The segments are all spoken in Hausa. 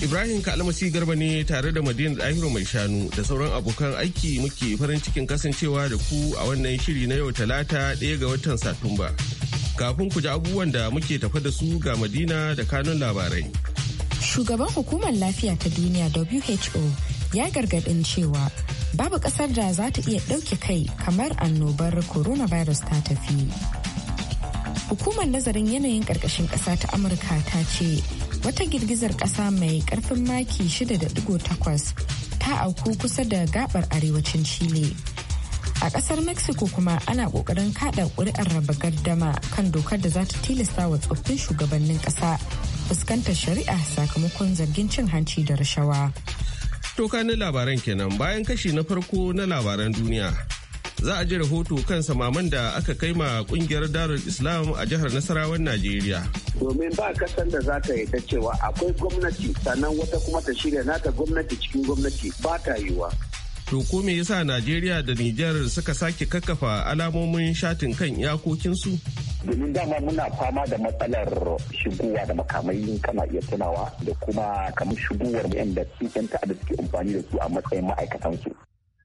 Ibrahim Kalmasi Garba ne tare da Madina Dahiru mai shanu da sauran abokan aiki muke farin cikin kasancewa da ku a wannan shiri na yau talata ɗaya ga watan Satumba. Kafin ku ji abubuwan da muke tafa da su ga Madina da kanun labarai. Shugaban hukumar lafiya ta duniya WHO ya gargaɗin cewa babu ƙasar da za ta iya ɗauke kai kamar annobar coronavirus ta tafi. Hukumar nazarin yanayin ƙarƙashin ƙasa ta Amurka ta ce wata girgizar kasa mai karfin maki 6.8 ta auku kusa da gabar arewacin chile a kasar mexico kuma ana kokarin kada kuri'ar raba gardama kan dokar da za ta tilasta wa tsoffin shugabannin kasa fuskantar shari'a sakamakon zargin cin hanci da rashawa. Tokanin labaran kenan bayan kashi na farko na labaran duniya za a ji rahoto kan samaman da aka kai ma kungiyar darul islam a jihar nasarawar najeriya domin ba kasan da za ta yi ta cewa akwai gwamnati sannan wata kuma ta shirya nata gwamnati cikin gwamnati ba ta yiwa to ko me yasa najeriya da nijar suka sake kakkafa alamomin shatin kan iyakokinsu domin dama muna fama da matsalar shigowa da makamai kana iya tunawa da kuma kamar shigowar da yan da ta'adda suke amfani da su a matsayin ma'aikatan su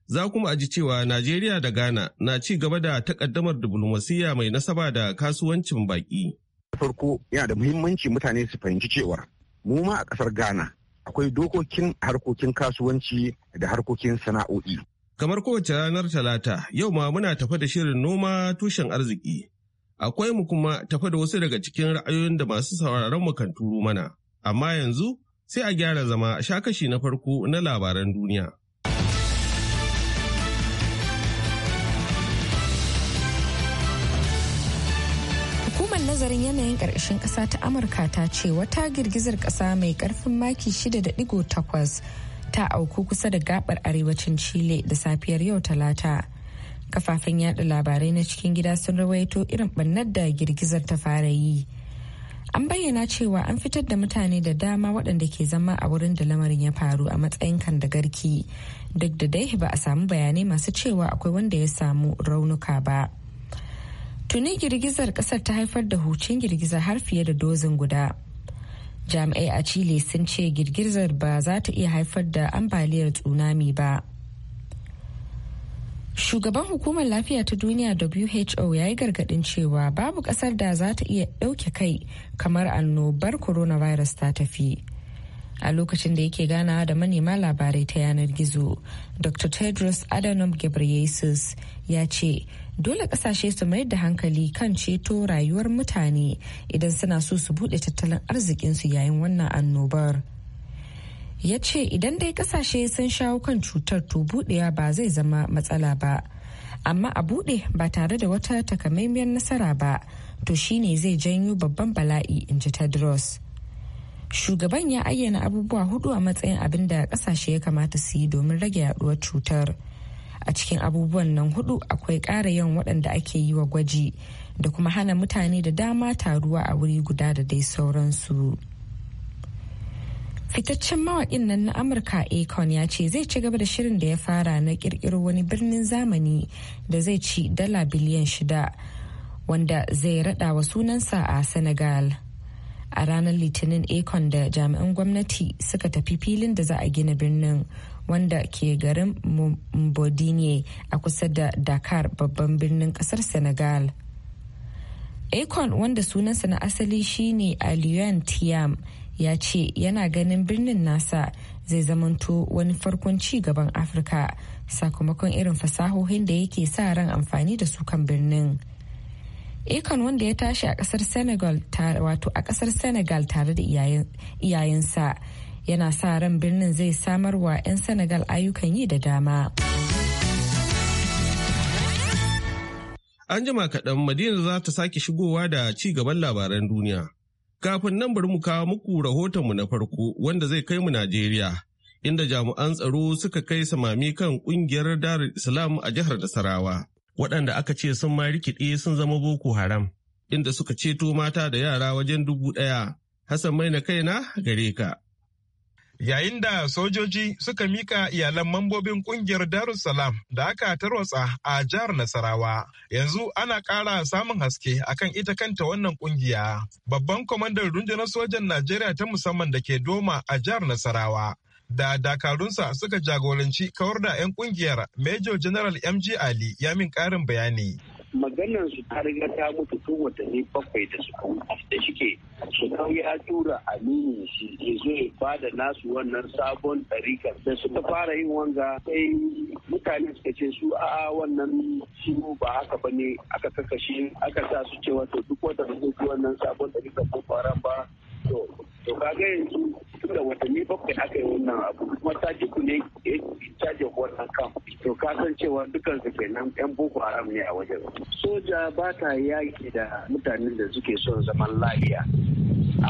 Za kuma aji cewa Najeriya da Ghana na ci gaba da takaddamar diflomasiyya mai nasaba da kasuwancin baki. Farko yana da muhimmanci mutane su fahimci cewa mu ma a ƙasar Ghana akwai dokokin harkokin kasuwanci da harkokin sana'o'i. Kamar kowace ranar Talata, yau ma muna tafa da shirin noma tushen arziki. Akwai mu kuma tafa da wasu daga cikin ra'ayoyin da masu sauraron mu kan turo mana. Amma yanzu sai a gyara zama a sha kashi na farko na labaran duniya. cibiyar yanayin karkashin kasa ta amurka ta ce wata girgizar kasa mai karfin maki 6.8 ta auku kusa da gabar arewacin chile da safiyar yau talata kafafen yada labarai na cikin gida sun rawaito irin bannar da girgizar ta fara yi an bayyana cewa an fitar da mutane da dama waɗanda ke zama a wurin da lamarin ya faru a matsayin kan da garki duk da dai ba a samu bayanai masu cewa akwai wanda ya samu raunuka ba. Tuni girgizar kasar ta haifar da hucin girgizar har fiye da dozin guda. Jami'ai a Chile sun ce girgizar ba za ta iya haifar da ambaliyar tsunami ba. Shugaban hukumar lafiya ta duniya WHO ya yi gargadin cewa babu ƙasar da za ta iya dauke kai kamar annobar coronavirus ta tafi. a lokacin da yake ganawa da manema labarai ta yanar gizo dr tedros adhanom ghebreyesus ya ce dole kasashe su mayar da hankali kan ceto rayuwar mutane idan suna so su buɗe tattalin arzikinsu yayin wannan annobar ya ce idan dai kasashe sun shawo kan cutar to buɗewa ba zai zama matsala ba amma a buɗe ba tare da wata takamaimiyar nasara ba to shine zai janyo babban bala'i in ji tedros shugaban ya ayyana abubuwa hudu a matsayin abin da kasashe ya kamata su yi domin rage yaduwar cutar. a cikin abubuwan nan hudu akwai ƙara yawan waɗanda ake yi wa gwaji da kuma hana mutane da dama taruwa a wuri guda da dai sauransu fitaccen mawaƙin nan na amurka akon ya ce zai ci gaba da shirin da ya fara na ƙirƙiro wani birnin zamani da zai ci dala biliyan shida wanda zai raɗa wa sunansa a senegal a ranar litinin akon da jami'an gwamnati suka tafi filin da za a gina birnin wanda ke garin mbodinye a kusa da dakar babban birnin kasar senegal akon wanda sunansa na asali shine aliyuan tiam ya ce yana ganin birnin nasa zai zamanto wani farkon ci gaban afirka sakamakon irin fasahohin da yake sa ran amfani da su kan birnin Akon wanda ya tashi a kasar Senegal tare da iyayensa yana sa ran birnin zai samar wa 'yan senegal ayyukan yi da dama an jima kaɗan madina za ta sake shigowa da ci gaban labaran duniya kafin nan bari mu kawo muku rahotonmu na farko wanda zai kai mu najeriya inda jami'an tsaro suka kai samami kan kungiyar darul islam a jihar nasarawa waɗanda aka ce sun ma rikide sun zama boko haram inda suka ceto mata da yara wajen dubu ɗaya hassan mai na kaina gare ka yayin da sojoji suka mika iyalan mambobin kungiyar darussalam da aka tarwatsa a jihar nasarawa yanzu ana ƙara samun haske akan ita kanta wannan kungiya babban kwamandan rundunar sojan najeriya ta musamman da ke doma a jihar nasarawa da dakarunsa suka jagoranci kawar da 'yan kungiyar major general mg ali ya min ƙarin bayani maganar su ta riga ta mutu tun watanni bakwai da suka wuce da shike su ya tura aminin shi ya zo ya bada nasu wannan sabon ɗarikar da suka fara yin wanga sai mutane suka ce su a wannan shiru ba haka ba ne aka kakashe aka sa su ce wato duk wata da wannan sabon ɗarika ko fara ba to ka kaga yanzu tunda watanni bakwai aka yi wannan abu kuma ta ku ne ya caje wannan kan to ka san cewa dukkan su kenan yan boko haram ne a wajen soja ba ta yaki da mutanen da suke son zaman lafiya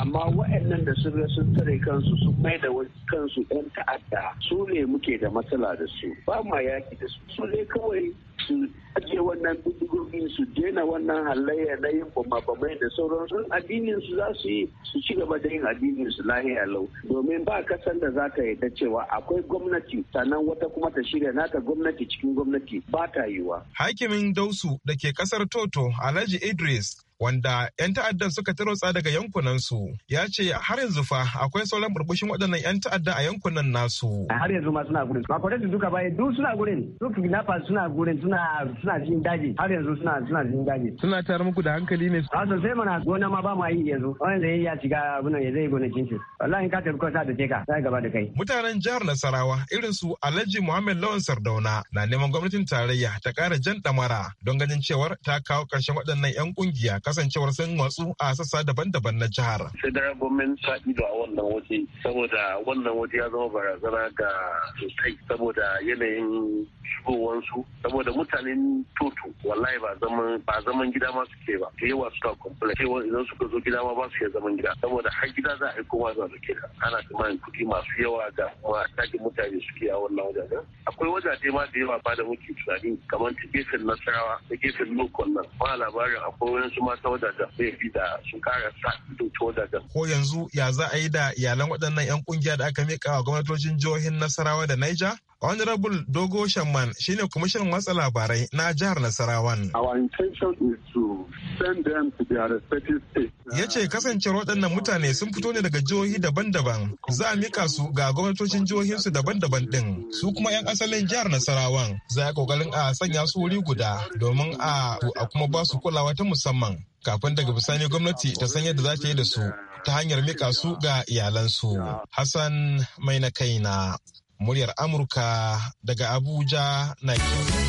amma waɗannan da sun ga sun tare kansu sun mai da kansu 'yan ta'adda su ne muke da matsala da su ba ma yaki da su su ne kawai su ake wannan bindigogin su daina wannan halayya na yin bamabamai da sauran sun addinin su za su yi su ci gaba da yin addinin su lahiya lau domin ba kasan da za ta yarda cewa akwai gwamnati sannan wata kuma ta shirya nata gwamnati cikin gwamnati ba ta yiwa. Hakimin Dausu da ke kasar Toto Alhaji Idris wanda 'yan ta'addan suka tarotsa daga yankunansu ya ce har yanzu fa akwai sauran burbushin waɗannan 'yan ta'adda a yankunan nasu. har yanzu ma suna gurin ba kwatanci duka baya duk suna gurin duk nafa suna gurin suna suna jin daji har yanzu suna suna jin daji. suna tar muku da hankali ne. a sosai mana gona ma ba mu yi yanzu wani da ya shiga abin ya zai gona kinci wallahi ka tafi sa da teka sai gaba da kai. mutanen jihar nasarawa irin su alhaji muhammad lawan sardauna na neman gwamnatin tarayya ta ƙara jan ɗamara don ganin cewar ta kawo ƙarshen waɗannan 'yan ƙungiya kasancewar sun watsu a sassa daban-daban na jihar. Federal government ta ido a wannan waje saboda wannan waje ya zama barazana ga sosai saboda yanayin shigowansu saboda mutanen toto wallahi ba zaman ba zaman gida ma suke ba da yawa ta complain cewa idan suka zo gida ma ba su iya zaman gida saboda har gida za a yi kowa za su kira ana tsammanin kuɗi masu yawa ga kuma ɗakin mutane suke a wannan akwai wajaje ma da yawa ba da muke tunani kamar ta gefen nasarawa da gefen lokon nan ba labarin akwai wani su mata wajajen zai fi da sun kara sa ido ta wajajen. ko yanzu ya za a yi da iyalan waɗannan 'yan kungiya da aka miƙa wa gwamnatocin jihohin nasarawa da Niger? Honorable Dogo Shamman shine kwamishinan watsa labarai na jihar Nasarawan. Ya ce kasancewar waɗannan mutane sun fito ne daga jihohi daban-daban za a mika su ga gwamnatocin jihohinsu daban-daban ɗin su kuma 'yan asalin jihar Nasarawan za a ƙoƙarin a sanya su wuri guda domin a kuma ba su kulawa ta musamman kafin daga bisani gwamnati ta san yadda za ta yi da su ta hanyar mika su ga iyalansu. Hassan mai na kaina muryar Amurka daga Abuja, Nigeria.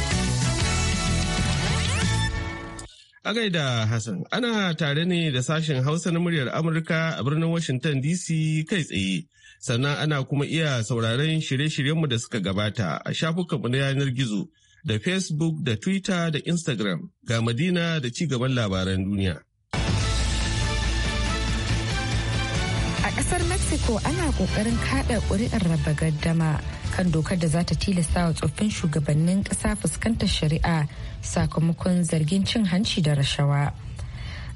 A gaida Hassan, ana tare ne da sashen Hausa na muryar Amurka a birnin Washington DC kai tsaye. Sannan ana kuma iya sauraron shirye-shiryenmu da suka gabata a shafukanmu na yanar gizo da Facebook da Twitter da Instagram ga Madina da cigaban labaran duniya. kasar mexico ana kokarin kada kuri'ar raba gaddama kan dokar da za ta tilasta wa tsoffin shugabannin kasa fuskantar shari'a sakamakon zargin cin hanci da rashawa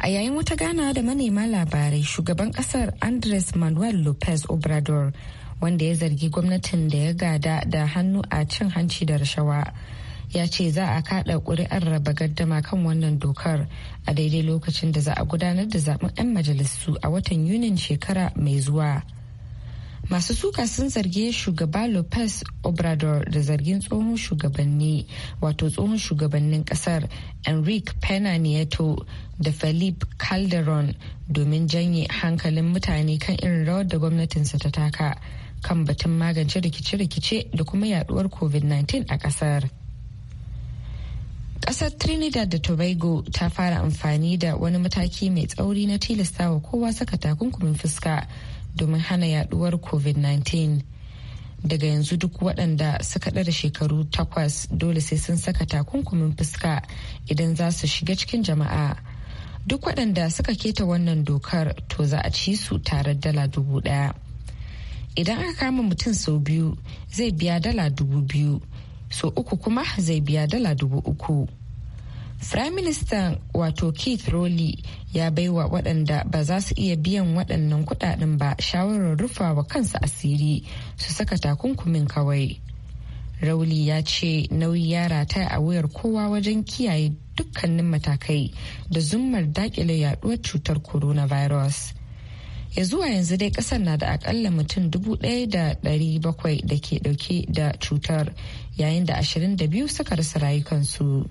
a yayin wata gana da manema labarai shugaban kasar andres manuel lopez obrador wanda ya zargi gwamnatin da ya gada da hannu a cin hanci da rashawa ya ce za a kada kuri'ar raba gardama kan wannan dokar a daidai lokacin da za a gudanar da zaben 'yan majalisu a watan yunin shekara mai zuwa masu suka sun zargi shugaba lopez obrador da zargin tsohon shugabanni wato tsohon shugabannin kasar enrique pena nieto da felipe calderon domin janye hankalin mutane kan irin rawar da gwamnatinsa ta taka kan batun magance rikice-rikice da kuma yaduwar covid-19 a kasar Ƙasar Trinidad da Tobago ta fara amfani da wani mataki mai tsauri na tilastawa kowa saka takunkumin fuska domin hana yaduwar COVID-19. Daga yanzu duk waɗanda suka ɗara shekaru takwas dole sai sun saka takunkumin fuska idan za su shiga cikin jama'a. Duk waɗanda suka keta wannan dokar to za a ci su tare dala dubu ɗaya. Idan aka kama mutum sau biyu zai biya dala dubu biyu. so uku kuma zai biya dala dubu uku. Prime Minister wato Keith Rowley ya baiwa waɗanda ba za su iya biyan waɗannan kuɗaɗen ba shawarar rufawa kansa asiri su saka takunkumin kawai. Rowley ya ce nauyi ya rataya a wuyar kowa wajen kiyaye dukkanin matakai da zummar dakile yaɗuwar cutar coronavirus. ya zuwa yanzu dai kasar na da akalla mutum dubu ɗaya da ɗari bakwai da ke dauke da cutar yayin da ashirin da biyu suka rasa rayukansu.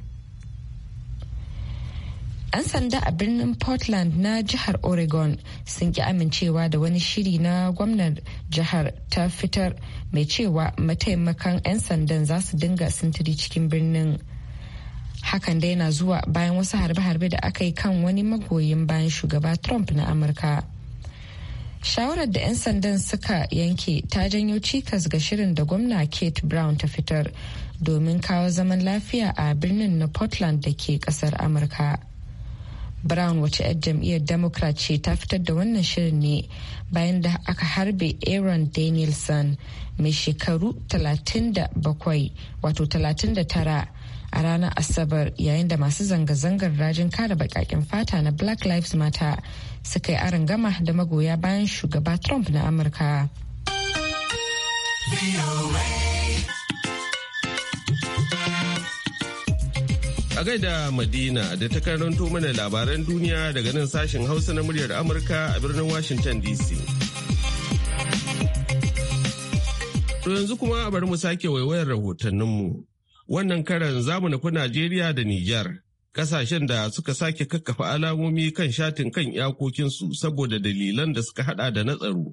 an sanda a birnin Portland na jihar Oregon sun ki amincewa da wani shiri na gwamnan jihar ta fitar mai cewa mataimakan 'yan sandan za su dinga sintiri cikin birnin. Hakan dai na zuwa bayan wasu harbe-harbe da aka yi kan wani magoyin bayan shugaba Trump na Amurka. shawarar da 'yan sandan suka yanke ta janyo cikas ga shirin da gwamna kate brown ta fitar domin kawo zaman lafiya a birnin na portland da ke kasar amurka brown wace 'yar jam'iyyar democrat ce ta fitar da wannan shirin ne bayan da aka harbe aaron danielson mai shekaru 37 wato 39 a ranar asabar yayin da masu zanga-zangar rajin kare bakakin fata na black lives matter suka yi aron gama da magoya bayan shugaba trump na amurka. A gaida Madina da ta karanto mana labaran duniya daga nan sashen Hausa na muryar Amurka a birnin Washington DC. To yanzu kuma bari mu sake waiwayar rahotanninmu. Wannan karan zamu nufi Najeriya da Nijar, kasashen da suka sake kakkafa alamomi kan shatin kan iyakokinsu saboda dalilan da suka hada da na tsaro.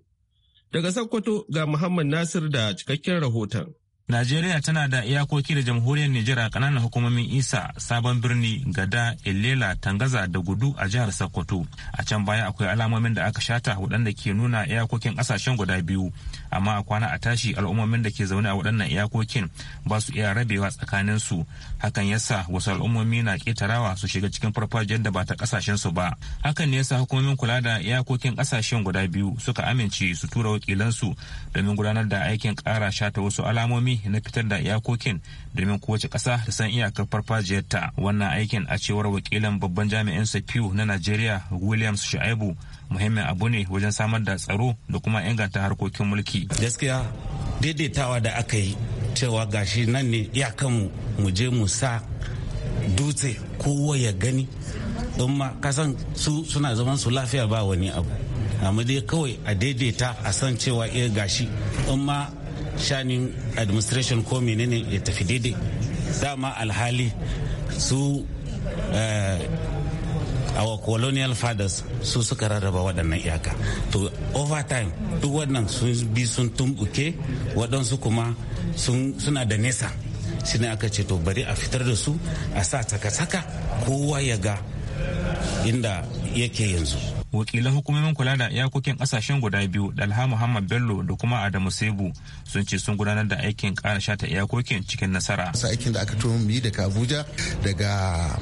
Daga Sokoto ga Muhammad Nasir da cikakken rahoton. Najeriya tana da iyakoki da jamhuriyar Nijar a kananan hukumomin Isa, Sabon Birni, Gada, Ilela, Tangaza da Gudu a jihar Sokoto. A can baya akwai alamomin da aka shata waɗanda ke nuna iyakokin ƙasashen guda biyu, amma a kwana a tashi al'ummomin da ke zaune a waɗannan iyakokin ba su iya rabewa tsakanin su. Hakan yasa wasu al'ummomi na ƙetarawa su shiga cikin farfajiyar da ba ta ƙasashen su ba. Hakan ne yasa hukumomin kula da iyakokin ƙasashen guda biyu suka amince su tura wakilansu domin gudanar da aikin ƙara shata wasu alamomi na fitar da iyakokin domin kowace kasa da san iyakar farfajiyarta wannan aikin a cewar wakilan babban jami'in safiu na najeriya williams shu'aibu muhimmin abu ne wajen samar da tsaro da kuma inganta harkokin mulki gaskiya daidaitawa da aka yi cewa gashi nan ne iyakanmu mu je mu sa dutse kowa ya gani don ma kasan su suna zaman su lafiya ba wani abu amma dai kawai a daidaita a san cewa iya eh, gashi in ma shanin administration ko menene ya tafi daidai dama alhali su eh, our colonial fathers su suka rarraba waɗannan iyaka to overtime duk wannan sun bi sun tumbuke waɗansu kuma suna da nesa shi ne aka ce to bari a fitar da su a sa tsaka-tsaka kowa ya ga inda yake yanzu wakilan hukumomin kula da iyakokin kasashen guda biyu dalha muhammad bello da kuma adamu sebu sun ce sun gudanar da aikin kara shata iyakokin cikin nasara sa aikin da aka tuwo yi daga abuja daga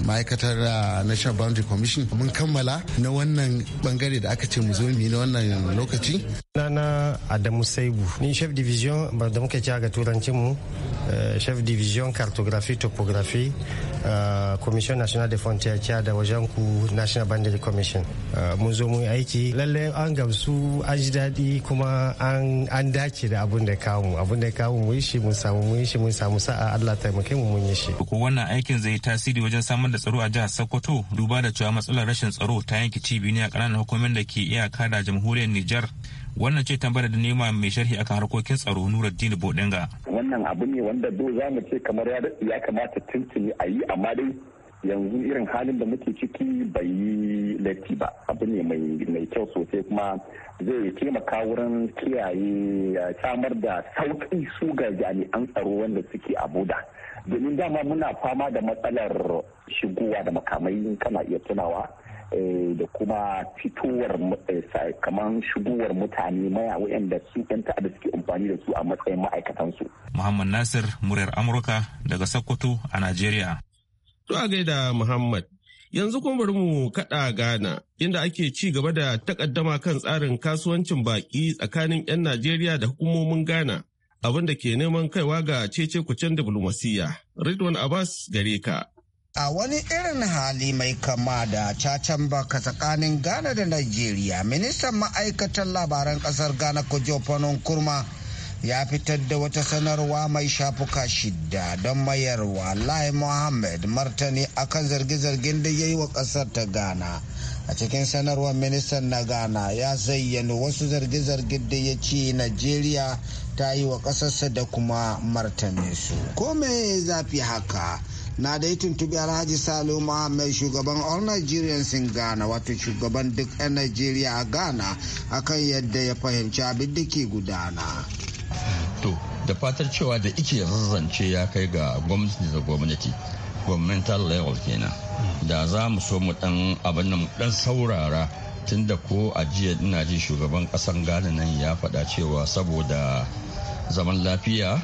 ma'aikatar ah, national boundary commission mun kammala na wannan bangare da aka ce mu zo mu na wannan lokaci na adamu sebu ni chef division ba da muke ga turanci mu eh, chef division cartographie topographie ah, commission national de frontières da wajen ku national boundary commission commission uh, mun zo mun aiki lalle an gamsu an ji daɗi kuma an dace da abin da kawo abun abin da kawo mu shi mun samu mun shi mun samu sa'a Allah taimake mu mun yi shi ko wannan aikin zai tasiri wajen samar da tsaro a jihar Sokoto duba da cewa matsalar rashin tsaro ta yanki cibi ne a ƙananan hukumomin da ke iyaka da jamhuriyar Nijar wannan ce tambayar da nema mai sharhi akan harkokin tsaro nuruddin bodinga wannan abu ne wanda do za mu ce kamar ya kamata tuntuni a yi amma dai yanzu irin halin da muke ciki bai yi laifi ba abu ne mai kyau sosai kuma zai taimaka wurin kiyaye samar da sauƙi su ga jami'an tsaro wanda suke a abuda domin dama muna fama da matsalar shigowa da makamai kana iya tunawa eh, da kuma fitowar eh, kamar shigowar mutane maya waɗanda su ɗan ta'adda suke amfani da su a matsayin ma'aikatansu. Muhammad Nasir, muryar Amurka daga Sokoto a Najeriya. To a gaida Muhammad. Yanzu kuma bari mu kaɗa Ghana inda ake ci gaba da takaddama kan tsarin kasuwancin baƙi tsakanin 'yan Najeriya da hukumomin Ghana abin da ke neman kaiwa ga cece kucin diflomasiyya. Ridwan Abbas gare ka. A wani irin hali mai kama da cacan baka tsakanin Ghana da Najeriya, ministan ma'aikatan labaran ƙasar Ghana Kojo Fanon Kurma ya fitar da wata sanarwa mai shafuka shida don mayarwa lai mohammed martani akan zarge-zargen da ya yi wa kasar ta ghana a cikin sanarwar ministan na ghana ya zayyana wasu zarge-zargen da ya ce nigeria ta yi wa kasarsa da kuma martani su kome zafi haka na da yi tuntubi alhaji salo muhammad shugaban all nigerians in ghana wato shugaban duk 'yan nigeria a ghana akan yadda ya fahimci abin da ke gudana to da fatar cewa da ike zazzance ya kai ga gwamnati da gwamnati gwamnatal level kenan da za mu so mu dan abin nan dan saurara tunda ko a jiya ina ji shugaban kasan ghana nan ya faɗa cewa saboda zaman lafiya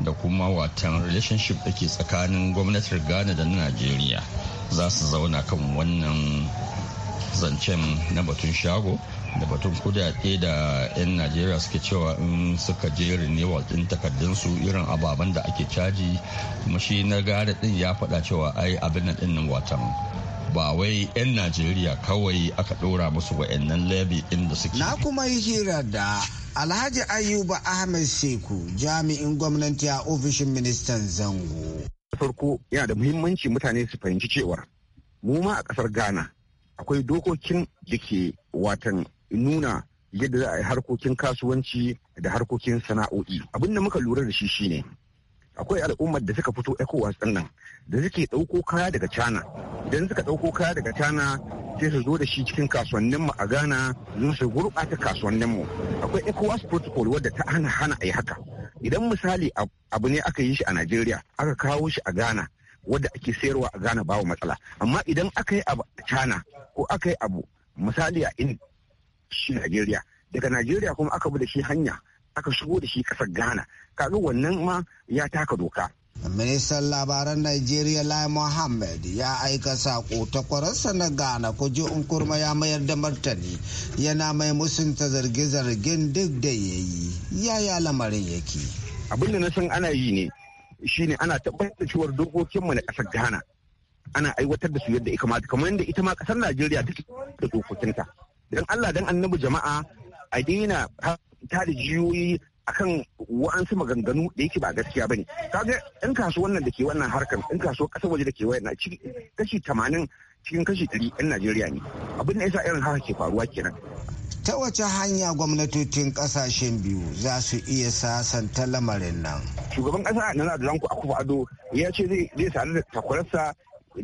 da kuma watan relationship da ke tsakanin gwamnatin ghana da na najeriya za su zauna kan wannan zancen na batun shago da batun kudade da 'yan najeriya suke cewa in suka je renewal din su irin ababen da ake caji kuma shi na gada din ya faɗa cewa ai abin nan din watan ba wai 'yan najeriya kawai aka ɗora musu wa'annan levy din da suke na kuma yi hira da alhaji ayuba ahmed seku jami'in gwamnati a ofishin ministan zango farko yana da muhimmanci mutane su fahimci cewa mu ma a ƙasar ghana akwai dokokin da ke watan nuna yadda za a yi harkokin kasuwanci da harkokin sana'o'i abin da muka lura da shi shine akwai al'ummar da suka fito ecowas din nan da suke ɗauko kaya daga cana idan suka ɗauko kaya daga cana sai su zo da shi cikin kasuwannin mu a ghana zo su gurɓata kasuwannin mu akwai ecowas protocol wadda ta hana hana a yi haka idan misali abu ne aka yi shi a najeriya aka kawo shi a ghana wadda ake sayarwa a ghana babu matsala amma idan aka yi abu a cana ko aka yi abu misali a shi Najeriya daga Najeriya kuma aka bi da shi hanya aka shigo da shi kasar Ghana kaga wannan ma ya taka doka Ministan labaran Najeriya Lai Mohammed ya aika sako ta kwararsa na Ghana ji unkurma ya mayar da martani yana mai musunta zarge-zargen duk da ya yi yaya lamarin yake. Abin da na san ana yi ne shine ana tabbatar da cewar dokokinmu na ƙasar Ghana ana aiwatar da su yadda ita kamar yadda ita ma ƙasar Najeriya take da dokokinta. don Allah don annabi jama'a a daina ta da jiyoyi akan wa'ansu maganganu da yake ba gaskiya bane kaga in kasuwan nan da ke wannan harkar in kasu kasar waje da ke na kashi tamanin cikin kashi ɗari yan Najeriya ne abin da yasa irin haka ke faruwa kenan ta wace hanya gwamnatocin kasashen biyu za su iya sasanta lamarin nan shugaban kasa na Nadanku Akufo Ado ya ce zai sadu da takwararsa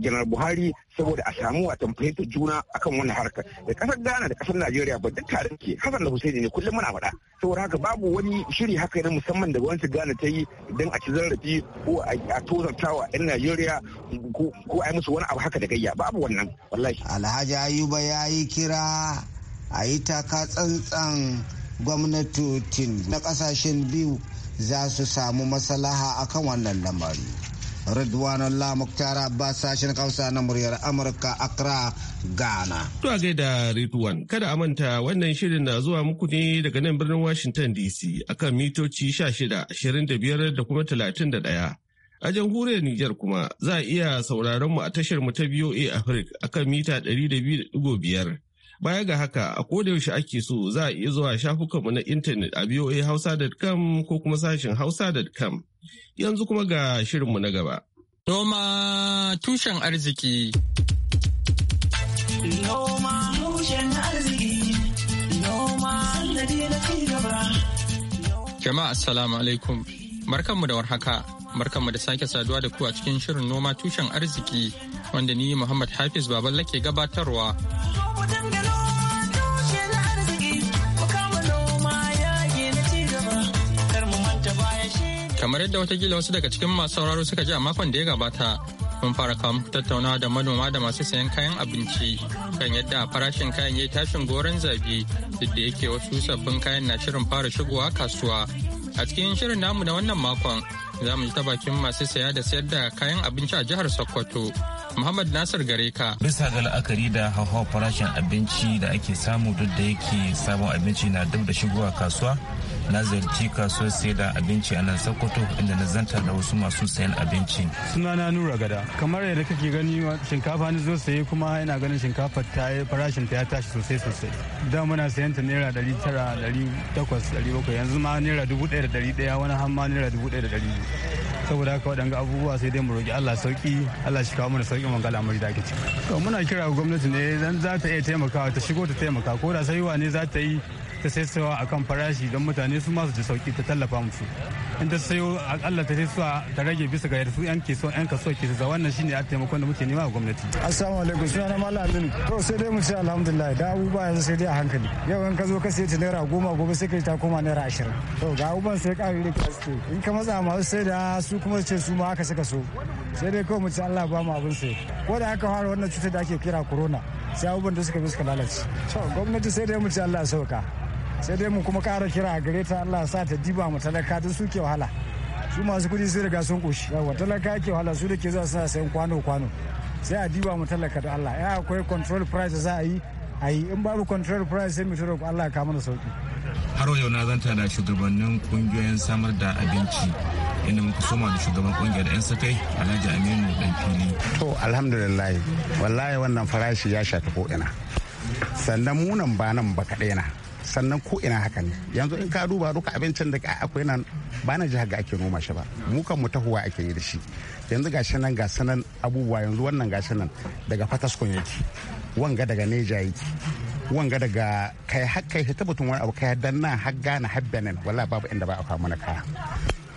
janar buhari saboda a samu a fahimtar juna akan wannan harka da kasar ghana da kasar najeriya ba duk tare ke hasan da husaini ne kullum muna faɗa saboda haka babu wani shiri haka na musamman da gwamnati ghana ta yi don a ci zarafi ko a wa yan najeriya ko a yi musu wani abu haka da gayya babu wannan wallahi alhaji ayuba ya yi kira a yi taka tsantsan gwamnatocin na kasashen biyu za su samu masalaha akan wannan lamari Ridwanullah Muktar Abbas sashen Hausa na muryar Amurka Accra, Ghana. To a gaida Ridwan, kada a manta wannan shirin na zuwa muku ne daga nan birnin Washington DC akan mitoci 16, 25 da kuma 31. A jamhuriyar Nijar kuma za a iya sauraron mu a tashar mu ta BOA Africa akan mita 200.5. Baya ga haka a yaushe ake so za a iya zuwa shafukanmu na intanet a Hausa.com ko kuma sashen hausa.com. Yanzu kuma ga shirinmu na gaba. Noma tushen arziki. Noma Jama'a assalamu alaikum. Markanmu da warhaka. markanmu da sake saduwa da ku a cikin shirin noma tushen arziki wanda ni Muhammad Hafiz Baballa ke gabatarwa. kamar yadda watakila wasu daga cikin masu sauraro suka ji a makon da ya gabata mun fara kawo tattaunawa da manoma da masu sayan kayan abinci kan yadda farashin kayan yayi tashin goron zabi duk da yake wasu sabbin kayan na shirin fara shigowa kasuwa a cikin shirin namu na wannan makon za mu ji ta bakin masu saya da sayar da kayan abinci a jihar sokoto Muhammad Nasir Gareka. Bisa ga la'akari da hauhawar farashin abinci da ake samu duk da yake sabon abinci na duk da shigowa kasuwa, na ziyarci kasuwar sai da abinci a nan sokoto inda na zanta da wasu masu sayan abinci sunana nura gada kamar yadda kake gani shinkafa ni zo saye kuma ina ganin shinkafa ta yi farashin ta ya tashi sosai sosai da muna sayan ta naira ɗari tara ɗari takwas ɗari bakwai yanzu ma naira dubu ɗaya da ɗari ɗaya wani hamma naira dubu ɗaya da ɗari saboda haka waɗanga abubuwa sai dai mu roƙi Allah sauki Allah shi kawo mana sauƙin wanga al'amari da ake ciki to muna kira gwamnati ne zan za ta iya taimakawa ta shigo ta taimaka ko da sai ne za ta yi ta sai a kan farashi don mutane su masu ji sauki ta tallafa musu inda ta sayo akalla ta sai saisawa ta rage bisa ga yarsu yan kaso yan kaso ke su wannan shine a taimakon da muke nema a gwamnati assalamu alaikum suna na mallam aminu to sai dai mu ce alhamdulillah da abubuwa yanzu sai dai a hankali yau in ka zo ka sai ta naira goma gobe sai ka ta koma naira ashirin to ga abubuwan sai ka rike suke in ka matsa ma sai da su kuma ce su ma haka suka so sai dai kawai mu ce Allah ba mu abin sai ko da aka fara wannan cutar da ake kira corona sai abubuwan da suka bi suka lalace to gwamnati sai dai mu ce Allah sauka sai dai mu kuma ƙara kira a gare ta Allah sa ta diba mu talaka duk ke wahala su masu kuɗi sai riga sun koshi yawa talaka ke wahala su da ke zuwa suna sayan kwano kwano sai a diba mu talaka da Allah ya akwai control price za a yi a yi in babu control price sai mu tura Allah ka mana sauki har yau na zanta da shugabannin kungiyoyin samar da abinci inda muku soma da shugaban kungiyar 'yan sakai alhaji aminu dan fili to alhamdulillah wallahi wannan farashi ya shafi ko ina sannan munan ba nan ba kadai na sannan ko ina haka ne yanzu in ka duba duka abincin da akwai nan ba na jihar ga ake noma shi ba mu kan mu tahuwa ake yi da shi yanzu ga shi nan ga sanan abubuwa yanzu wannan ga shi nan daga fataskon yake wanga daga neja yake wanga daga kai har kai ta butun wani abu kai dan nan har gana har benin wallahi babu inda ba a kawo mana kaya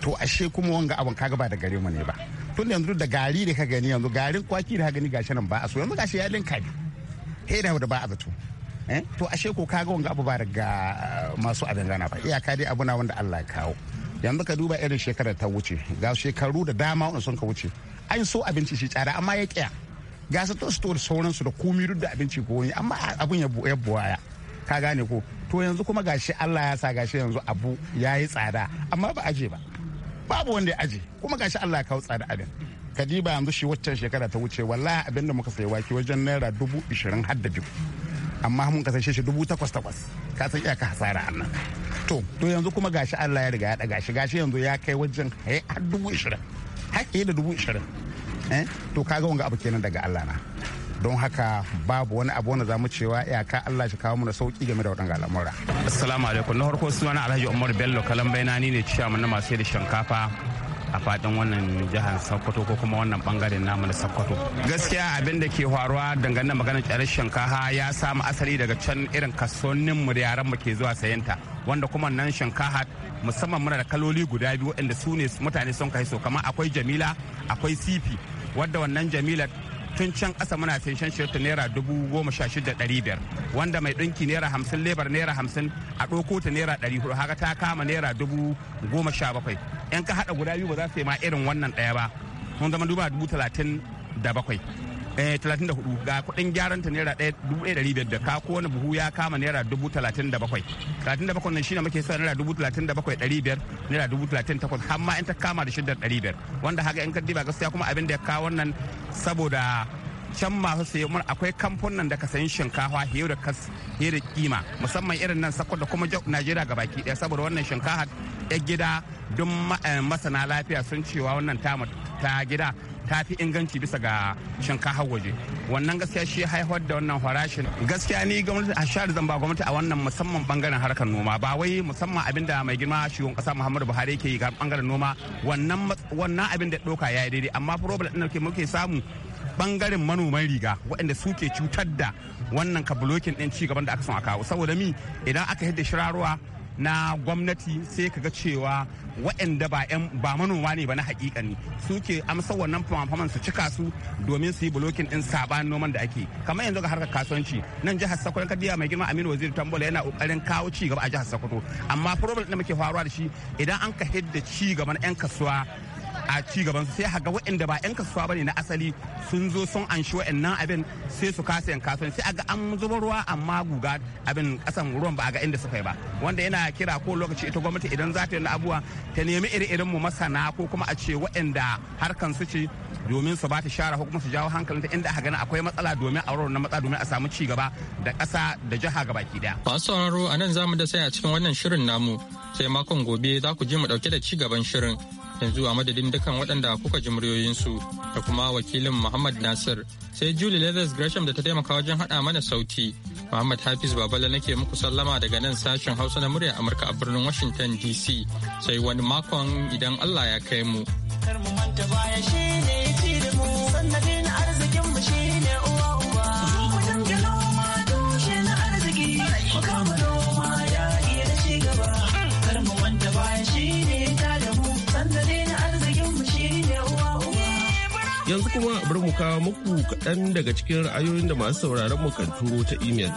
to ashe kuma wanga abun kaga ba da gare mu ne ba tun yanzu da gari da ka gani yanzu garin kwaki da ka gani shi nan ba a so yanzu shi ya linka ne da ba a zato Eh? to ashe ko kaga wanga abu ba daga uh, masu abin gana ba iyaka dai abu na wanda Allah ya kawo yanzu ka duba irin shekarar ta wuce ga shekaru da dama wanda sun ka wuce an so abinci shi tsada amma ya kya ga su tosto sauransu da komi duk da abinci ko wani amma abun ya buwaya ka gane ko to yanzu kuma gashi Allah ya sa gashi yanzu abu ya yi tsada amma ba aje ba babu wanda ya aje kuma gashi Allah ya kawo tsada abin kadiba yanzu shi waccan shekara ta wuce wallahi abin da muka sayi wake wajen naira dubu ishirin har da biyu amma mun kasance shi dubu takwas takwas ka san iya ka hasara a nan to to yanzu kuma gashi Allah ya riga ya daga shi gashi yanzu ya kai wajen har dubu ishirin haƙƙi da dubu ishirin eh, to kaga wanga abu kenan daga Allah na don haka babu wani abu wanda zamu cewa iyaka Allah shi kawo mana sauki game da waɗanga al'amura assalamu alaikum na farko suna alhaji umar bello kalan bainani ne ciyaman na masu da shinkafa a faɗin wannan jihar sokoto ko kuma wannan bangaren namu na sokoto gaskiya abin da ke faruwa dangane maganar tsarin shinkafa ya samu asali daga can irin kasonin mu da yaran mu ke zuwa ta wanda kuma nan shinkafa musamman muna da kaloli guda biyu inda su ne mutane sun kai so kamar akwai jamila akwai sifi wadda wannan jamila tun can kasa muna sayan shirta naira dubu goma sha shida ɗari biyar wanda mai ɗinki naira hamsin lebar naira hamsin a ɗauko ta naira ɗari hudu haka ta kama naira dubu goma sha bakwai yan ka haɗa guda biyu ba za su yi ma irin wannan ɗaya ba mun zama duba dubu talatin da bakwai 34 eh, ga kudin gyaran ta naira 1,500 da ka wani buhu ya kama naira 37,000 37 nan shine muke sa naira 37,500 naira 38,000 har ma in ta kama da shiddar 500 wanda haka in ka diba gaskiya kuma abin da ya kawo wannan saboda can masu saye mun akwai kamfunan da ka sayi shinkafa fiye da kas hiyo kima musamman irin nan da kuma najeriya ga baki daya saboda wannan shinkafa yan gida don eh, masana lafiya sun cewa wannan tamu ta gida ta fi inganci bisa ga shinkafa waje wannan gaskiya shi haifar da wannan farashin gaskiya ni gwamnati a share zan ba gwamnati a wannan musamman bangaren harkar noma ba wai musamman abin da mai girma shugaban kasa Muhammadu Buhari ke yi ga bangaren noma wannan abin da doka yayi daidai amma problem ɗin da muke samu bangaren manoman riga waɗanda suke cutar da wannan kabulokin ɗin ci gaban da aka son a kawo saboda mi idan aka hidda shirarwa na gwamnati sai ka ga cewa waɗanda ba ba manoma ne ba na hakikani suke amsa wannan fama su cika su domin su yi bulokin din sabanin noman da ake kamar yanzu ga harkar kasuwanci nan jihar Sokoto biya mai girma Aminu Waziri Tambola yana kokarin kawo ci gaba a jihar Sokoto amma problem da muke faruwa da shi idan an ka hidda ci gaban 'yan kasuwa a ci gaban su sai haga waɗanda ba 'yan kasuwa bane na asali sun zo sun anshi waɗannan abin sai su kasa yan kasuwan sai aga an zuba ruwa amma guga abin kasan ruwan ba a ga inda suka yi ba wanda yana kira ko lokaci ita gwamnati idan za ta yi abuwa ta nemi iri-irin mu masana ko kuma a ce waɗanda harkan su ce domin su ba ta share ko kuma su jawo hankalin ta inda aka akwai matsala domin a na matsala domin a samu ci gaba da kasa da jiha ki daya. Masu sauraro a nan zamu da sai a cikin wannan shirin namu sai makon gobe za ku ji mu dauke da ci gaban shirin yanzu a madadin dukkan waɗanda kuka ji muryoyinsu da kuma wakilin Muhammad Nasir sai Julie Leathers Gresham da ta taimaka wajen haɗa mana sauti. Muhammad Hafiz Babala nake muku sallama daga nan sashen Hausa na murya Amurka a birnin Washington DC sai wani makon idan Allah ya kai mu. shi ne kuma bari mu kawo muku kaɗan daga cikin ra'ayoyin da masu sauraron mu kan turo ta imel.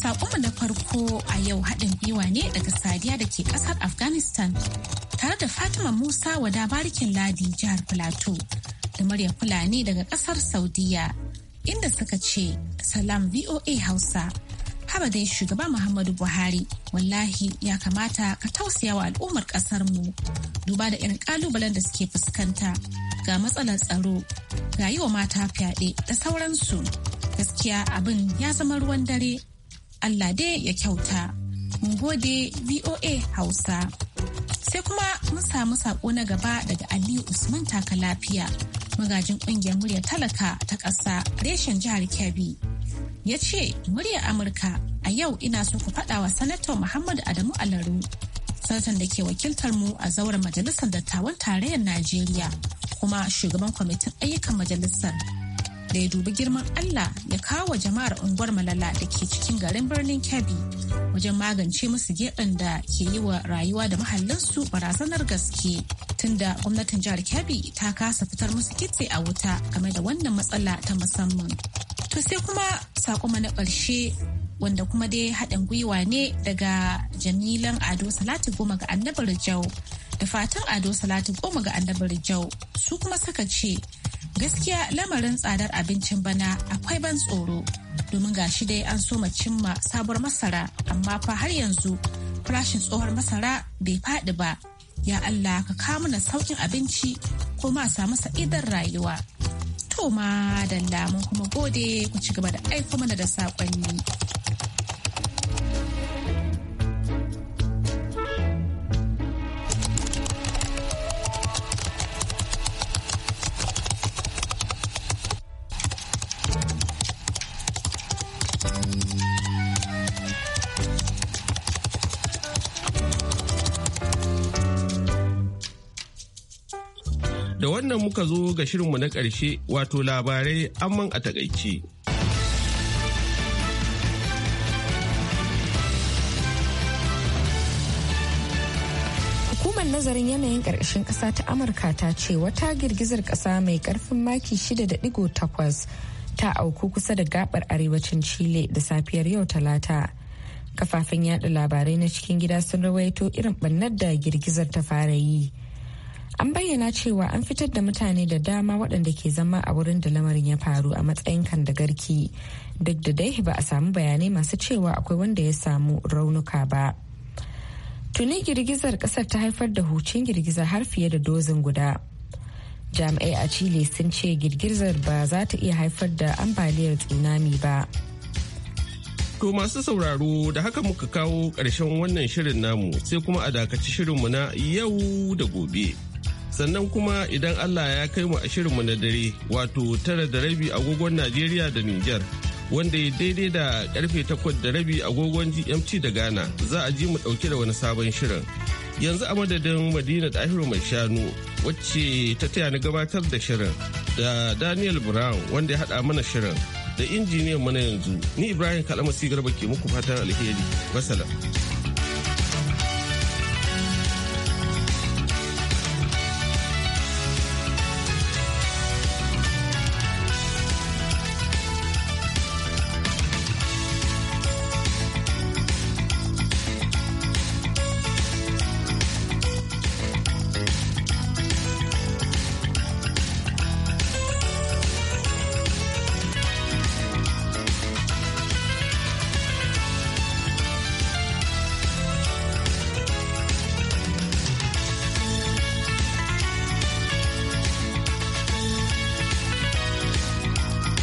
Saƙonmu na farko a yau haɗin gwiwa ne daga Sadiya da ke ƙasar Afghanistan tare da Fatima Musa wada barikin Ladi jihar Plateau da Maryam Fulani daga ƙasar Saudiya. inda suka ce salam VOA Hausa. Haba dai shugaba Muhammadu Buhari wallahi ya kamata ka tausaya wa al'ummar mu duba da irin kalubalen da suke fuskanta ga matsalar tsaro ga yi wa mata fyaɗe da sauransu gaskiya abin ya zama ruwan dare Allah dai ya kyauta. Mun gode VOA Hausa. Sai kuma mun samu saƙo na gaba daga Aliyu Usman taka lafiya magajin kungiyar muryar talaka ta ƙasa reshen jihar Kebbi. Ya ce muryar Amurka a yau ina so ku faɗa wa sanatar muhammadu Adamu Alaru, sanatan da ke wakiltar mu a zauren majalisar dattawan tarayyar Najeriya kuma shugaban kwamitin ayyukan majalisar da ya dubi girman Allah ya kawo jama'ar unguwar Malala da ke cikin garin birnin Kebbi wajen magance musu geɗen da ke yi wa rayuwa da mahallinsu barazanar gaske tunda gwamnatin jihar Kebbi ta kasa fitar musu kitse a wuta game da wannan matsala ta musamman. To sai kuma sakoma na ƙarshe wanda kuma dai haɗin gwiwa ne daga jamilan ado salatu goma ga annabar jau da fatan ado salatu goma ga annabar jau su kuma saka ce gaskiya lamarin tsadar abincin bana akwai ban tsoro domin ga shi dai an so cimma sabuwar masara amma fa har yanzu farashin tsohuwar masara bai faɗi ba ya Allah ka kawo mana saukin abinci ko ma samu sa'idar rayuwa to ma da lamun kuma gode ku ci gaba da aiko mana da saƙonni. muka zo ga shirinmu na ƙarshe wato labarai amman a takaice. Hukumar nazarin yanayin ƙarƙashin ƙasa ta Amurka ta ce wata girgizar ƙasa mai ƙarfin maki 6.8 ta auku kusa da gabar arewacin Chile da safiyar yau talata. Kafafen yada labarai na cikin gida sun rawaito irin ɓannar da girgizar ta fara yi. an bayyana cewa an fitar da mutane da dama waɗanda ke zama a wurin da lamarin ya faru a matsayin kan da garki duk da dai ba a samu bayanai masu cewa akwai wanda ya samu raunuka ba tuni girgizar ƙasar ta haifar da hucin girgiza har fiye da dozin guda jami'ai a chile sun ce girgizar ba za ta iya haifar da ambaliyar tsunami ba To masu sauraro da haka muka kawo ƙarshen wannan shirin namu sai kuma a dakaci shirinmu na yau da gobe. sannan kuma idan Allah ya kai mu a shirinmu na dare wato tara da rabi agogon Najeriya da Nijar wanda ya daidai da karfe takwas da rabi agogon GMT da Ghana za a ji mu dauke da wani sabon shirin. Yanzu a madadin Madina Dahiru mai shanu wacce ta taya ni gabatar da shirin da Daniel Brown wanda ya haɗa mana shirin da injiniyan mana yanzu ni Ibrahim Kalamasi Garba ke muku fatan alheri. Wasalam.